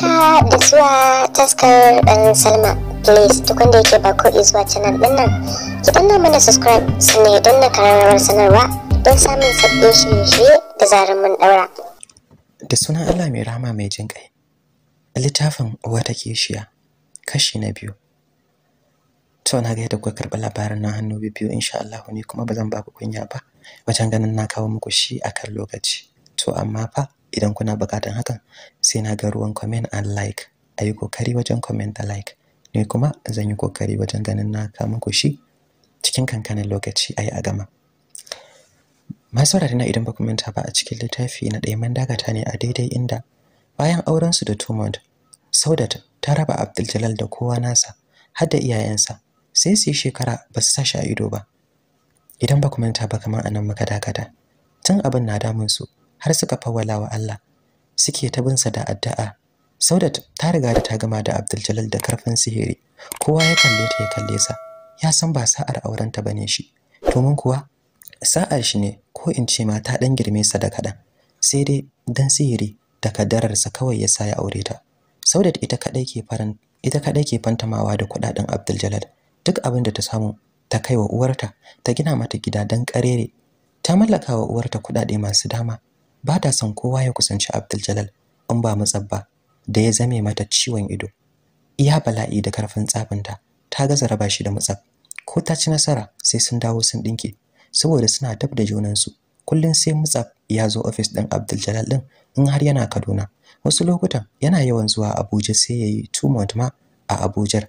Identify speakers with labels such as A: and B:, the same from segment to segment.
A: haka da zuwa taskar dan salma please duk wanda yake ba ko zuwa canal din nan ki danna mana subscribe sannan ya danna karamar sanarwa don samun sabbin shirye-shirye da zarar mun daura da sunan allah mai rahama mai jin kai littafin uwa ta keshiya kashi na biyu to na ga yadda kuka karɓi labarin na hannu biyu insha Allah ne kuma ba zan ba ku kunya ba wajen ganin na kawo muku shi akan lokaci to amma fa idan kuna bukatan hakan sai na ga ruwan comment and like ayi kokari wajen comment da like ne kuma zan yi kokari wajen ganin na kama ku shi cikin kankanin lokaci ayi a gama masu na idan ba ku manta ba a cikin littafi na ɗaya man dakata ne a daidai inda bayan auren su da Tumond Saudat ta raba Abdul da kowa nasa har da iyayensa sai su yi shekara ba su sashi a ido ba idan ba ku manta ba kamar anan muka dakata tun abin na damun su har suka fawwala wa Allah suke ta bin sa da addu'a Saudat ta riga da ta gama da Abdul da karfin sihiri kowa ya kalle ta ya kalle sa ya san ba sa'ar aurenta bane shi to domin kuwa sa'ar shi ne ko in ce ma ta dan girme sa da kadan sai dai dan sihiri da kaddararsa kawai ya sa ya aure ta Saudat ita kadai ke faran ita kadai ke fantamawa da kudaden Abdul duk abin da ta samu ta kai wa uwarta ta gina mata gida dan karere ta mallaka wa uwarta kudade masu dama ba ta son kowa ya kusanci Abdul in ba matsabba da ya zame mata ciwon ido. Iya bala'i da karfin tsafinta ta gaza raba shi da matsab. Ko ta ci nasara sai sun dawo sun dinke saboda suna dab da junansu. Kullum sai matsab ya zo ofis ɗin Abdul Jalal ɗin in har yana Kaduna. Wasu lokutan yana yawan zuwa Abuja sai ya yi ma a Abujar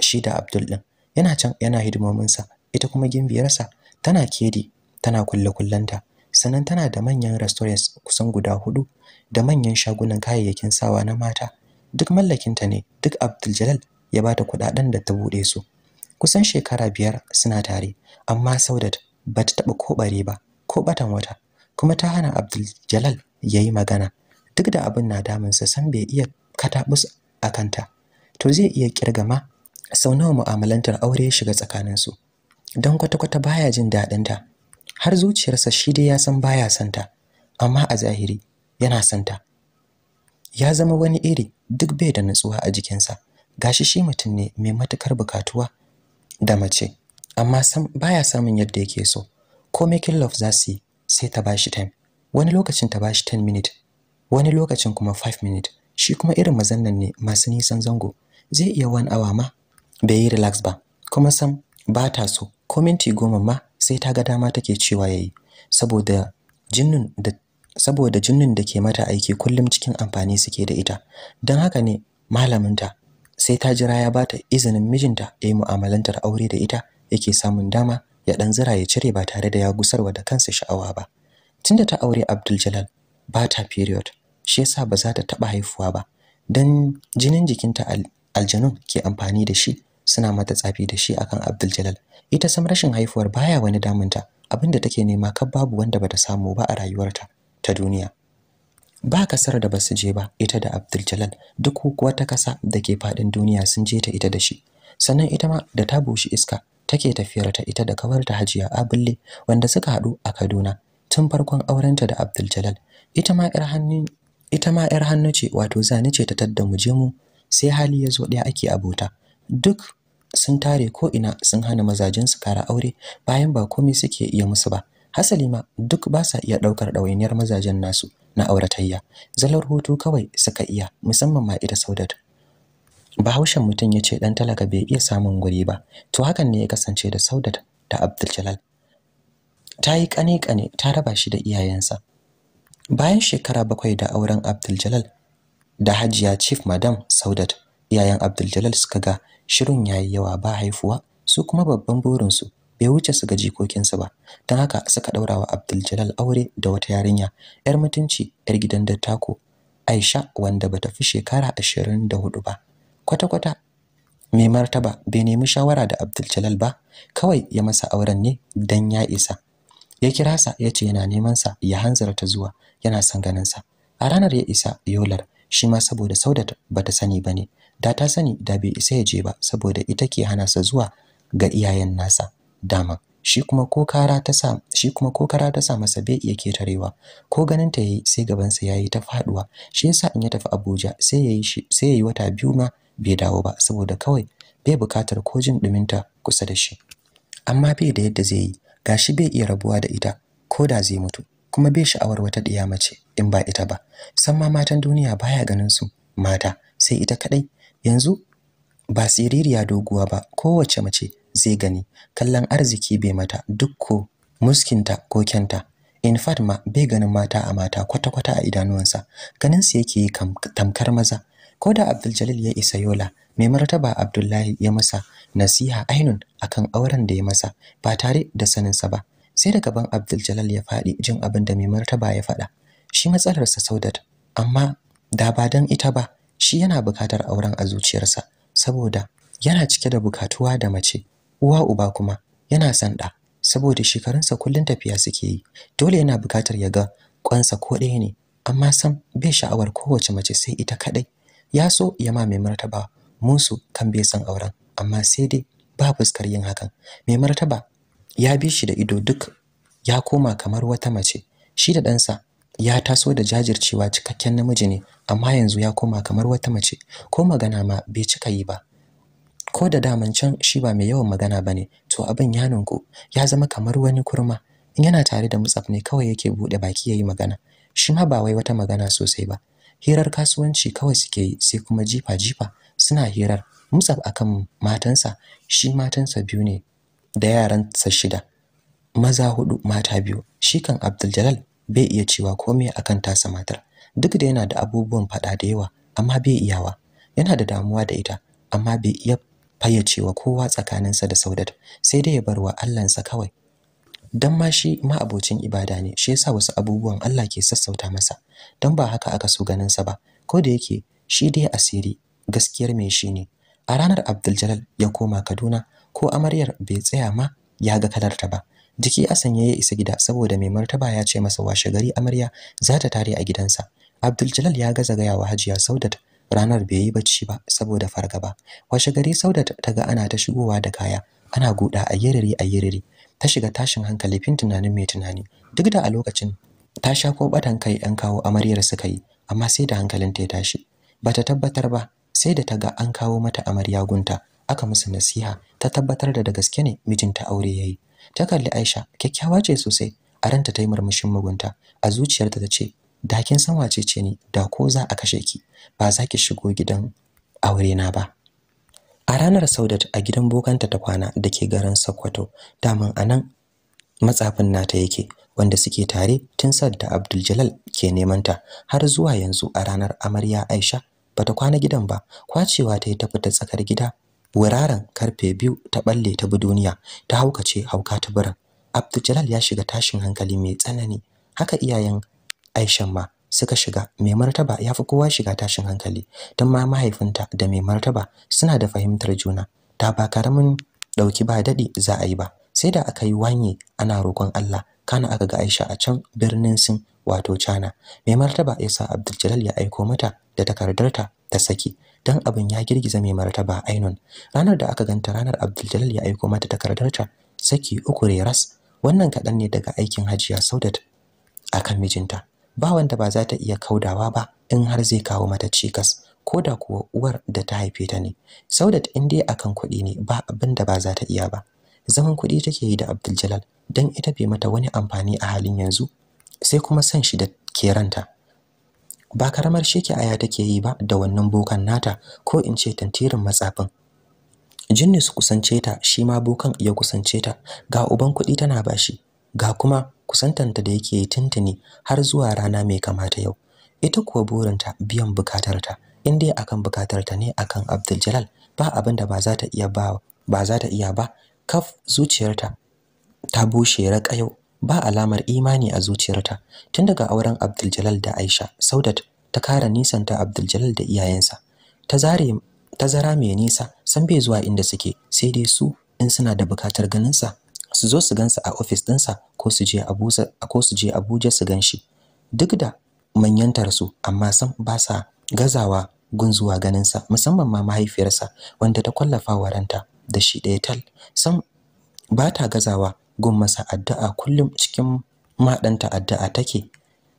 A: shi da Abdul ɗin. Yana can yana hidimominsa ita kuma gimbiyarsa tana kedi tana kulle kullanta sannan tana da manyan restaurants kusan guda hudu da manyan shagunan kayayyakin sawa na mata duk mallakinta ne duk Abdul Jalal ya bata kudaden da ta bude su kusan shekara biyar suna tare amma Saudat ba ta taba kobare ba ko batan wata kuma ta hana Abdul Jalal yayi magana duk da abin na damun sa san bai iya katabus a kanta to zai iya kirgama sau nawa mu'amalantar aure shiga shiga tsakaninsu don kwata-kwata baya jin daɗinta. har zuciyarsa shi dai ya san baya santa amma a zahiri yana santa ya zama wani iri duk bai da nutsuwa a jikinsa gashi shi mutum ne mai matukar bukatuwa da mace amma sam baya samun yadda yake so ko making love za su yi sai ta bashi time wani lokacin ta bashi 10 minute wani lokacin kuma 5 minute shi kuma irin mazan nan ne masu nisan zango zai iya wani awa ma bai yi relax ba kuma sam ba ta so ko minti goma ma sai ta ga dama take cewa yayi saboda jinnin da saboda jinnin da ke mata aiki kullum cikin amfani suke da ita don haka ne malaminta sai ta jira ya bata izinin mijinta ya yi mu'amalantar aure da ita yake samun dama ya dan zira ya cire ba tare da ya gusarwa da kansa sha'awa ba tunda ta aure Abdul Jalal ba ta period shi yasa ba za ta taba haifuwa ba dan jinin jikinta aljanun ke amfani da shi suna mata tsafi da shi akan Abdul Jalal ita sam rashin haifuwar baya wani damunta abinda take nema kar babu wanda bata samu ba a rayuwarta ta duniya ba kasar da basu je ba ita da Abdul Jalal duk wata kasa da ke fadin duniya sun je ta ita da shi sannan ita ma da ta bushi iska take tafiyar ta ita da kawarta Hajiya Abulle wanda suka hadu a Kaduna tun farkon aurenta da Abdul Jalal ita ma yar hannu ita ma yar hannu ce wato zani ce ta tadda mu mu sai hali ya zo ɗaya ake abota duk sun tare ko ina sun hana mazajen su kara aure bayan ba komai suke iya musu ba hasali ma duk ba sa iya daukar ɗawainiyar mazajen nasu na auratayya zalar hutu kawai suka iya musamman ma ita Saudat Bahaushen mutum ya ce dan talaka bai iya samun guri ba to hakan ne ya kasance da Saudat da Abdul Jalal ta yi kane-kane ta raba shi da iyayensa bayan shekara bakwai da auren Abdul da Hajiya Chief Madam Saudat iyayen Abdul suka ga shirin yayi yawa ba haifuwa su kuma babban burinsu bai wuce su ga jikokinsu ba don haka suka ɗaura wa abdul aure da wata yarinya yar mutunci yar gidan dattako aisha wanda bata fi shekara ashirin da hudu ba kwata-kwata mai martaba bai nemi shawara da abdul ba kawai ya masa auren ne don ya isa ya kira sa ya ce yana neman sa ya hanzarta zuwa yana son ganin sa a ranar ya isa yolar shi ma saboda saudat bata sani ba ne. da ta sani da bai isa ya je ba saboda ita ke hana sa zuwa ga iyayen nasa dama shi kuma ko ta sa shi kuma kara ta sa masa bai iya ketarewa ko ganin ta yayi sai gaban sa yayi ta faduwa shi yasa in ya tafi Abuja sai yayi shi sai yayi wata biyu ma bai dawo ba saboda kawai bai bukatar ko jin duminta kusa da shi amma bai da yadda zai yi gashi bai iya rabuwa da ita ko da zai mutu kuma bai sha'awar wata diya mace in ba ita ba san ma matan duniya baya ganin su mata sai ita kadai yanzu ba siririya doguwa ba kowace mace zai gani kallon arziki bai mata duk ko muskinta ko kyanta in fact ma bai ganin mata a mata kwata-kwata a idanuwansa ganin su yake yi tamkar maza ko da Abdul ya isa Yola mai martaba Abdullahi ya masa nasiha ainun akan auren da ya masa ba tare da saninsa ba sai da gaban Abdul ya faɗi jin abin da mai martaba ya faɗa shi matsalarsa Saudat amma da ba don ita ba shi yana buƙatar auren a zuciyarsa saboda yana cike da bukatuwa da mace uwa uba kuma yana son ɗa saboda shekarunsa kullum tafiya suke yi dole yana buƙatar ya ga ƙwansa ko ɗaya ne amma sam bai sha'awar kowace mace sai ita kaɗai ya so ya ma mai martaba musu kan bai son auren amma sai dai ba fuskar yin hakan mai martaba ya bi shi da ido duk ya koma kamar wata mace shi da ɗansa ya taso da jajircewa cikakken namiji ne amma yanzu ya koma kamar wata mace ko magana ma bai cika yi ba ko da daman can shi ba mai yawan magana bane to abin ya nunku ya zama kamar wani kurma in yana tare da mutsaf ne kawai yake bude baki yayi magana shi ma ba wai wata magana sosai ba hirar kasuwanci kawai suke yi sai kuma jifa jifa suna hirar mutsaf akan matansa shi matansa biyu ne da yaransa shida maza hudu mata biyu shi kan Abdul Jalal bai iya cewa komai akan tasa matar duk da yana da abubuwan faɗa da yawa amma bai iyawa yana da damuwa da ita amma bai iya fayyacewa kowa tsakaninsa da Saudat sai dai ya bar wa Allahnsa kawai dan ma shi ma abocin ibada ne shi yasa wasu abubuwan Allah ke sassauta masa dan ba haka aka so ganin sa ba ko da yake shi dai asiri gaskiyar me shi ne a ranar Abdul ya koma Kaduna ko amaryar bai tsaya ma ya ga kalarta ba jiki a sanye ya isa gida saboda mai martaba ya ce masa washe gari amarya za ta tare a gidansa abdul ya gaza gaya wa hajiya saudat ranar bai yi bacci ba saboda fargaba washe gari saudat ta ga ana ta shigowa da kaya ana guda a yiriri a yiriri ta shiga tashin hankali fin tunanin mai tunani duk da a lokacin ta sha ko batan kai yan kawo amaryar suka yi amma sai da hankalin ta ya tashi ta tabbatar ba sai da ta ga an kawo mata amarya gunta aka musu nasiha ta tabbatar da da gaske ne mijinta aure ya yi. ta kalli Aisha kyakkyawa ce sosai a ranta ta yi murmushin mugunta a zuciyarta ta ce da kin san wace ce ni da ko za a kashe ki ba za ki shigo gidan aure na ba a ranar Saudat a gidan bokanta ta kwana da ke garin Sokoto daman anan matsafin nata yake wanda suke tare tun sadda Abdul Jalal ke neman ta har zuwa yanzu a ranar amarya Aisha bata kwana gidan ba kwacewa ta yi ta fita tsakar gida wuraren karfe biyu ta balle ta bi duniya ta haukace hauka ta birin abdul ya shiga tashin hankali mai tsanani haka iyayen aishan ma suka shiga mai martaba ya fi kowa shiga tashin hankali don ma mahaifinta da mai martaba suna da fahimtar juna ta ba karamin dauki ba daɗi za a yi ba sai da aka yi wanye ana roƙon Allah kana aka ga Aisha a can birnin Sin wato cana. mai martaba ya sa Abdul ya aiko mata da takardarta ta saki dan abin ya girgiza mai martaba Ainun ranar da aka ganta ranar Abdul ya aika mata takardarta saki uku reras wannan kadan ne daga aikin Hajiya Saudat akan mijinta ba wanda ba za ta iya kaudawa ba in har zai kawo mata cikas ko da kuwa uwar da ta haife ta ne Saudat in dai akan kuɗi ne ba abinda ba za ta iya ba zaman kuɗi take yi da Abdul dan ita bai mata wani amfani a halin yanzu sai kuma san shi da keranta. ranta ba karamar sheke aya take yi ba da wannan bokan nata ko in ce tantirin matsafin jinni su kusance ta shi ma bokan ya kusance ta ga uban kuɗi tana bashi ga kuma kusantanta da yake tuntuni har zuwa rana mai kamata yau ita kuwa burinta biyan bukatarta in dai akan bukatarta ne akan Abdul ba abin da ba za ta iya ba ba za ta iya ba kaf zuciyarta ta bushe raƙayau ba alamar imani a zuciyarta tun daga auren Abdul da Aisha Saudat ta kara nisanta Abdul Jalal da iyayensa ta zare mai nisa san bai zuwa inda suke sai dai su in suna da bukatar ganinsa. sa su zo su gansa a ofis dinsa ko su je Abuja su je Abuja ganshi duk da manyantar su amma san ba sa gazawa gun zuwa ganin musamman ma mahaifiyarsa wanda ta kwallafa waranta da shi ɗaya tal san ba ta gazawa gun addu'a kullum cikin maɗanta addu'a take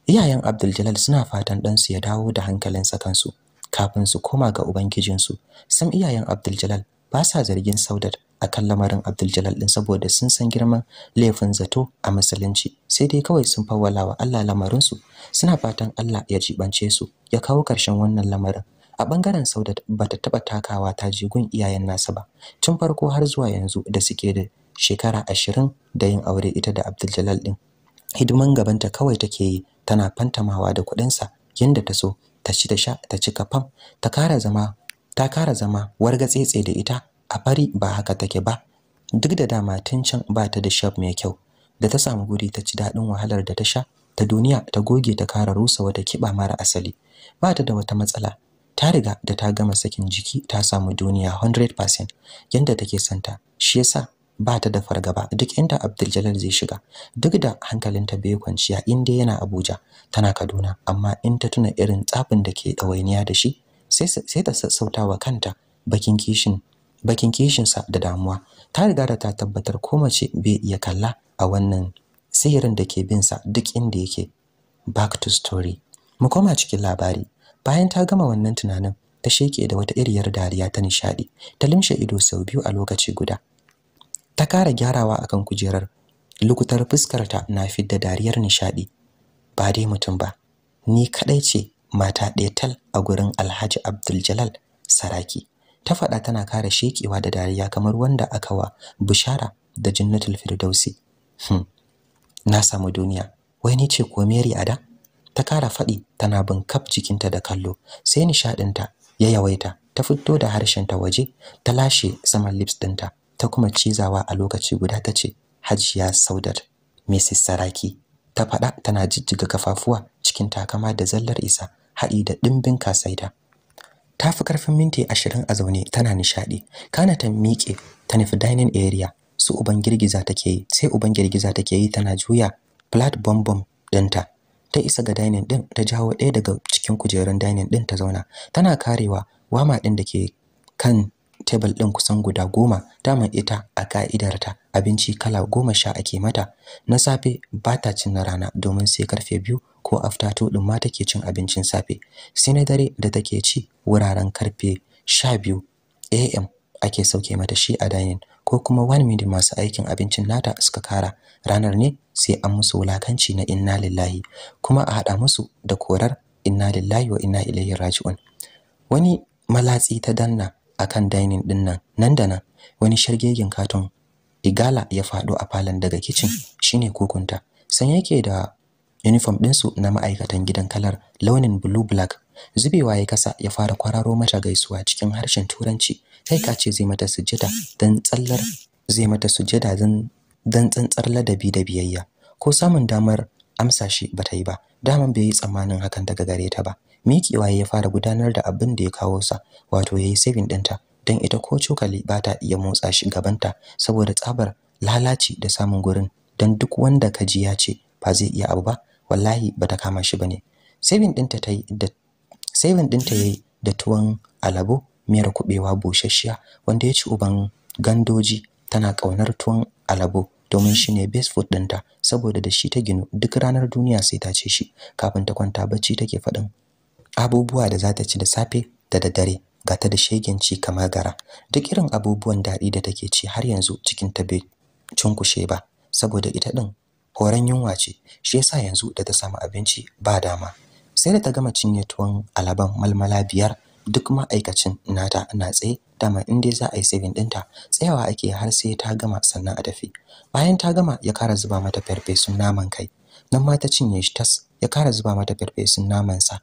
A: iyayen Abdul suna fatan ɗansu ya dawo da hankalin sa kansu kafin su koma ga ubangijinsu san iyayen Abdul Jalal ba sa zargin Saudat akan lamarin Abdul Jalal din saboda sun san girman laifin zato a musulunci sai dai kawai sun fawwala wa Allah lamarin su suna fatan Allah ya jibance su ya kawo ƙarshen wannan lamarin a bangaren Saudat bata taba takawa ta jigun iyayen nasa ba tun farko har zuwa yanzu da suke da shekara ashirin da yin aure ita da Abdul Jalal din. Hidiman gabanta kawai take yi tana fantamawa da kuɗinsa yadda ta so ta ci ta sha ta ci kafam ta kara zama ta kara zama tsetse da ita a fari ba haka take ba duk da dama tun can ba ta da shaf mai kyau da ta samu guri ta ci daɗin wahalar da ta sha ta duniya ta goge ta kara rusa wata kiba mara asali ba ta da wata matsala ta riga da ta gama sakin jiki ta samu duniya 100% yanda take santa shi yasa ba ta da fargaba duk inda Abdul zai shiga duk da hankalinta bai kwanciya inda yana Abuja tana Kaduna amma in ta tuna irin tsafin da ke ɗawainiya da shi sai sai ta sassautawa kanta bakin kishin bakin kishinsa da damuwa ta riga da ta tabbatar ko mace bai iya kalla a wannan sihirin da ke bin sa duk inda yake back to story mu koma cikin labari bayan ta gama wannan tunanin ta sheke da wata iriyar dariya ta nishadi ta limshe ido sau biyu a lokaci guda ta kara gyarawa akan kujerar lukutar fuskarta na fidda dariyar nishadi ba dai mutum ba ni kadai ce mata ɗaya tal a gurin Alhaji Abdul Saraki ta faɗa tana kara shekewa da dariya kamar wanda aka wa bishara da Jannatul Firdausi hmm. na samu duniya wai ni ce ko Mary Ada ta kara faɗi tana bin kaf jikinta da kallo sai nishadinta ya yawaita ta fito da harshen ta waje ta lashe saman lips ɗinta ta kuma cizawa a lokaci guda ta ce hajiya saudar mrs saraki ta faɗa tana jijjiga kafafuwa cikin takama da zallar isa haɗi da ɗimbin kasaida ta fi karfin minti ashirin a zaune tana nishaɗi kana ta miƙe ta nufi dining area su uban girgiza take yi sai uban girgiza take yi tana juya flat bombom ɗinta ta isa ga dining ɗin ta jawo ɗaya daga cikin kujerun dining ɗin ta zauna tana karewa wama ɗin da ke kan tebul ɗin kusan guda goma dama ita a ta. abinci kala goma sha ake mata na safe ba ta cin na rana domin sai karfe biyu ko after two ɗin ma take cin abincin safe sai na dare da take ci wuraren karfe sha biyu am ake sauke mata shi a dining ko kuma one minute masu aikin abincin nata suka kara ranar ne sai an musu wulakanci na inna lillahi kuma a haɗa musu da korar inna lillahi wa inna ilaihi raji'un wani malatsi ta danna akan dining din nan nan da nan wani shirgegen katon igala ya fado a falon daga kitchen shine kukunta, san yake da uniform ɗinsu na ma'aikatan gidan kalar launin blue black zubewa ya kasa ya fara kwararo mata gaisuwa cikin harshen turanci kai ka ce zai mata sujjada dan tsallar zai mata sujjada dan dan tsantsar ladabi da biyayya ko samun damar amsa shi bata yi ba daman bai yi tsammanin hakan daga gare ta ba miƙewa ya fara gudanar da abin da ya kawo sa wato yayi saving ɗinta don ita ko cokali ba ta iya motsa shi gabanta saboda tsabar lalaci da samun gurin don duk wanda ka ji ya ce ba zai iya abu ba wallahi ba ta kama shi bane saving ɗinta ta yi da saving ɗinta yayi da tuwon alabo miyar kubewa busasshiya wanda ya ci uban gandoji tana kaunar tuwon alabo domin shi ne best food ɗinta saboda da shi ta ginu duk ranar duniya sai ta ce shi kafin ta kwanta bacci take faɗin abubuwa da za ta ci da safe da da dare, ga ta da shegen ci kamar gara duk irin abubuwan daɗi da take ci har yanzu cikin ta bai cunkushe ba saboda ita ɗin horon yunwa ce shi yasa yanzu da ta samu abinci ba dama sai da ta gama cinye tuwon alaban malmala biyar duk ma'aikacin nata na tsaye dama in dai za a yi saving ɗinta tsayawa ake har sai ta gama sannan a tafi bayan ta gama ya kara zuba mata farfesun naman kai nan ma ta cinye shi tas ya kara zuba mata farfesun naman sa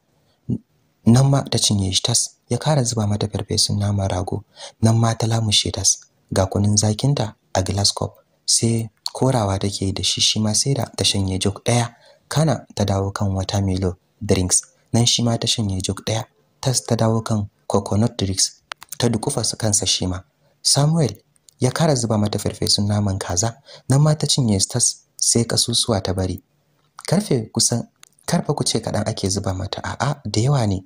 A: nan ma ta cinye shi tas ya kara zuba mata farfesun naman rago nan ma ta lamushe tas ga kunun zakinta a glass cup sai korawa take da shi shi ma sai da ta shanye jok daya kana ta dawo kan wata milo drinks nan shi ma ta shanye jok daya tas ta dawo kan coconut drinks ta dukufa su kansa shi ma Samuel ya kara zuba mata farfesun naman kaza nan ma ta cinye tas sai kasusuwa ta bari karfe kusan karfa ku ce kadan ake zuba mata a'a da yawa ne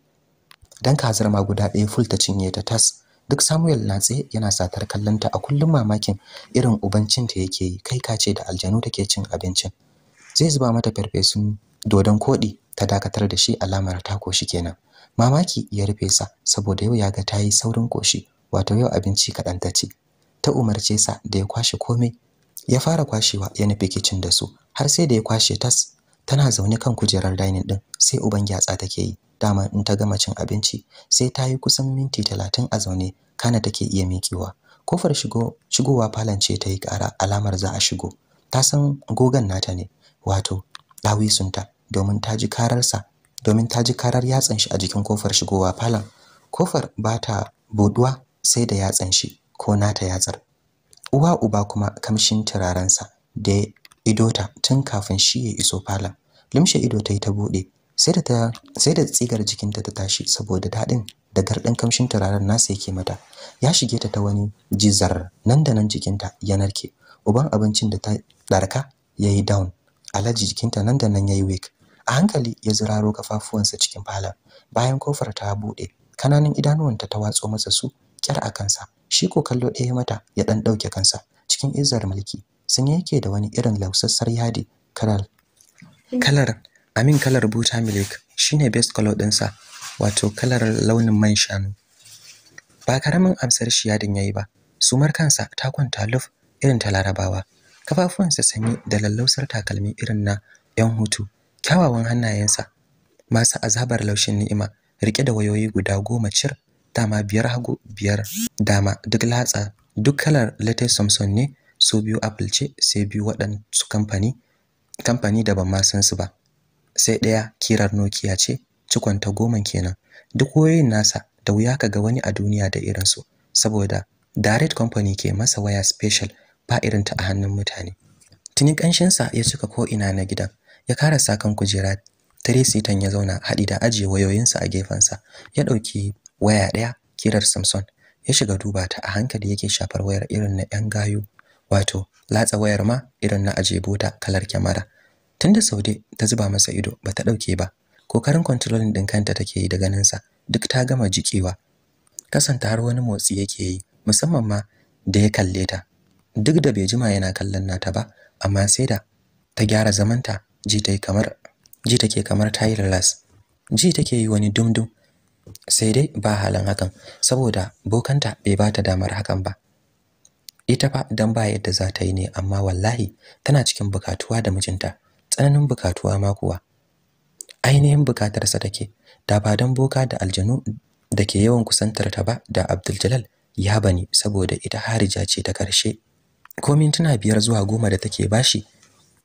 A: dan kazar ma guda ɗaya ful ta cinye ta tas duk Samuel na tsaye yana satar kallonta a kullum mamakin irin ubancin ta yake yi kai kace da aljanu take cin abincin zai zuba mata farfesun dodon koɗi ta dakatar da shi alamar ta koshi kenan mamaki ya rufe sa saboda yau ya ga ta yi saurin koshi wato yau abinci kaɗan ta ce ta umarce sa da ya kwashe komai ya fara kwashewa ya nufi kicin da su har sai da ya kwashe tas tana zaune kan kujerar dining din sai uban gyatsa take yi dama in ta gama cin abinci sai ta yi kusan minti talatin a zaune kana take iya mikewa kofar shigo shigowa falon ce ta yi ƙara alamar za a shigo ta san gogan nata ne wato ɗawisunta domin ta ji kararsa domin ta ji karar yatsan shi a jikin kofar shigowa falon kofar ba ta buduwa sai da yatsan shi ko nata yatsar uwa uba kuma kamshin turarensa da Idota tun kafin shi ya iso falon limshe ido ta yi ta bude sai da sai da tsigar jikinta ta tashi saboda dadin da garɗin kamshin turaren nasa yake mata ya shige ta ta wani jizar nan da nan jikinta ya narke uban abincin da ta darka yayi down alaji jikinta nan da nan yayi weak a hankali ya ziraro kafafuwansa cikin falon bayan kofar ta bude kananan idanuwanta ta watso masa su kyar a kansa shi ko kallo ɗaya mata ya dan dauke kansa cikin izar mulki Sun yake da wani irin lausassar yadi kalar kalar amin kalar buta milik shine best color ɗinsa wato kalar launin man shanu ba karamin amsar shi yadin yayi ba sumar kansa ta kwanta luf irin ta larabawa kafafuwansa sanye da lallausar takalmi irin na yan hutu kyawawan hannayensa masu azabar laushin ni'ima rike da wayoyi guda goma cir dama biyar hagu biyar dama duk latsa duk kalar latte samson ne su biyu apple ce sai biyu waɗansu kamfani kamfani da ban ma san su ba sai ɗaya kirar nokia ce cikon ta goman kenan duk wayoyin nasa da wuya ka ga wani a duniya da irin su saboda direct company ke masa waya special ba irinta a hannun mutane tuni ƙanshinsa ya cika ko ina na gidan ya karasa sakan kujera tan ya zauna haɗi da ajiye wayoyinsa a sa Ya ɗauki waya ɗaya kirar Samsung. Ya shiga duba ta a hankali yake shafar wayar irin na 'yan gayu wato latsa wayar ma irin na aje bota kalar kyamara tunda saude ta zuba masa ido bata dauke ba kokarin controlling din kanta take yi da ganin sa duk ta gama jikewa kasanta har wani motsi yake yi musamman ma da ya kalle ta duk da bai jima yana kallon nata ba amma sai da ta gyara zamanta ji ta kamar ji take kamar ta yi ji take yi wani dumdum sai dai ba halin hakan saboda bokanta bai bata damar hakan ba ita fa idan ba yadda za ta yi ne amma wallahi tana cikin bukatuwa da mijinta tsananin bukatuwa ma kuwa ainihin bukatarsa take da ba don boka da aljanu da ke yawan kusantar ta ba da Abdul ya bani saboda ita harija ce ta karshe ko mintuna biyar zuwa goma da take bashi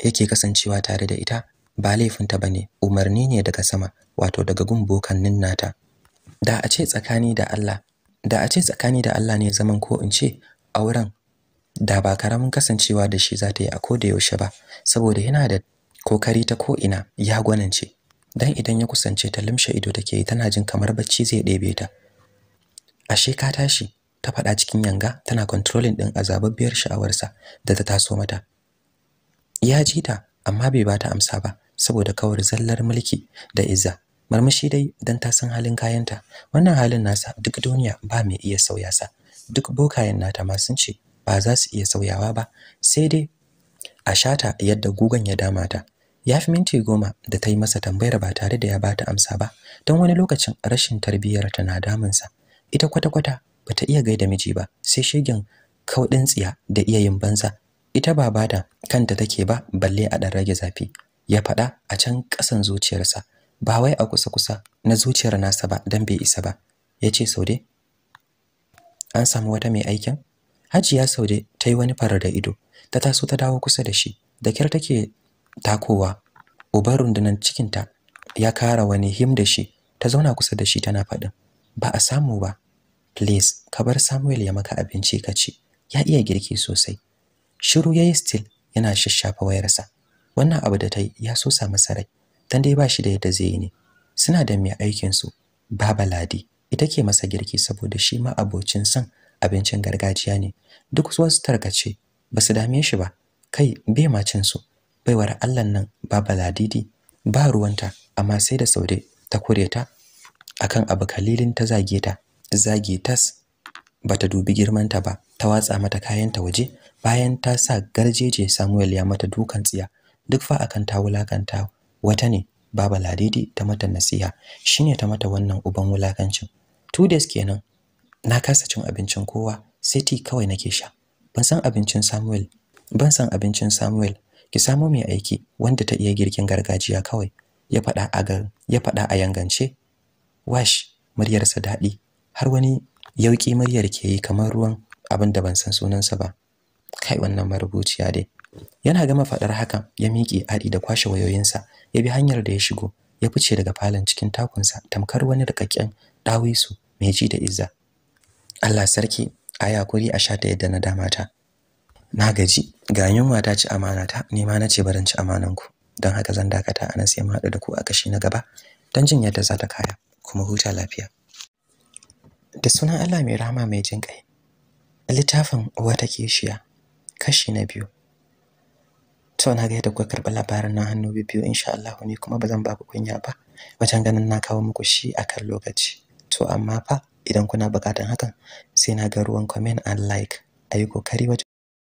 A: yake kasancewa tare da ita ba laifinta ba ne, umarni ne daga sama wato daga gun bokannin nata da a ce tsakani da Allah da a ce tsakani da Allah ne zaman ko in ce auren da ba karamin kasancewa da shi za ta yi a ko da yaushe ba saboda yana da kokari ta ko ina ya gwanance dan idan ya kusance ta limshe ido take yi tana jin kamar bacci zai ɗebe ta ashe ka tashi ta faɗa cikin yanga tana controlling din azababbiyar sha'awarsa da ta taso mata ya ji ta amma bai bata amsa ba saboda kawar zallar mulki da izza marmashi dai dan ta san halin kayanta wannan halin nasa duk duniya ba mai iya sauya sa duk bokayen nata ma sun ce ba za su iya sauyawa ba sai dai a shata yadda gugan ya dama ta ya fi minti goma da ta yi masa tambayar ba tare da ya ba ta amsa ba don wani lokacin rashin tarbiyyar ta na damunsa ita kwata-kwata ba ta iya gaida miji ba sai shegen kauɗin tsiya da iya yin banza ita ba bada kanta take ba balle a ɗan rage zafi ya faɗa a can ƙasan zuciyarsa ba wai a kusa-kusa na zuciyar nasa ba don bai isa ba ya ce sau dai an samu wata mai aikin Hajiya Saude ta yi wani farar da ido, ta taso ta dawo kusa da shi, da kyar take takowa. Uban rundunan cikinta ya kara wani him da shi, ta zauna kusa da shi tana faɗin. Ba a samu ba. Please, ka bar Samuel ya maka abinci ka ci. Ya iya girki sosai. Shiru ya yi still yana shashafa wayarsa. Wannan abu da ta yi ya so sa masa rai, dan dai ba shi da yadda zai yi ne. Suna da mai aikinsu. su, Baba Ladi, ita ke masa girki saboda shi ma abocin san abincin gargajiya ne duk wasu tarkace ba su dame shi ba kai bai ma su baiwar Allah nan baba baladidi ba ruwanta amma sai da saude ta kure ta akan abu kalilin ta zage ta zage tas bata dubi girmanta ba ta watsa mata kayanta waje bayan ta sa garjeje Samuel ya mata dukan tsiya duk fa akan ta wulakanta wata ne baba baladidi ta mata nasiha shine ta mata wannan uban wulakancin tudes days kenan na kasa cin abincin kowa sai ti kawai nake sha ban san abincin Samuel ban san abincin Samuel ki samu mai aiki wanda ta iya girkin gargajiya kawai ya faɗa a ya fada a yangance wash muryarsa daɗi har wani yauki muryar ke yi kamar ruwan abin da ban san sunansa ba kai wannan marubuciya dai yana gama faɗar hakan ya miƙe haɗi da kwashe wayoyinsa ya bi hanyar da ya shigo ya fice daga falon cikin takunsa tamkar wani rikakken ɗawisu mai ji da izza Allah sarki a yakuri a sha shata yadda na dama ta na gaji ga yunwa ta ci amana ta ni ma na ce barin ci amanan ku don haka zan dakata a nan sai mu haɗu da ku a kashi na gaba don jin yadda za ta kaya kuma huta lafiya da sunan Allah mai rahama mai jin kai littafin wata keshiya kashi na biyu to na ga yadda kuka karɓi labarin na hannu biyu insha Allah ne kuma ba zan ba ku kunya ba wajen ganin na kawo muku shi a kan lokaci to amma fa idan kuna bukatan hakan sai na ga ruwan comment and like ayi kokari wajen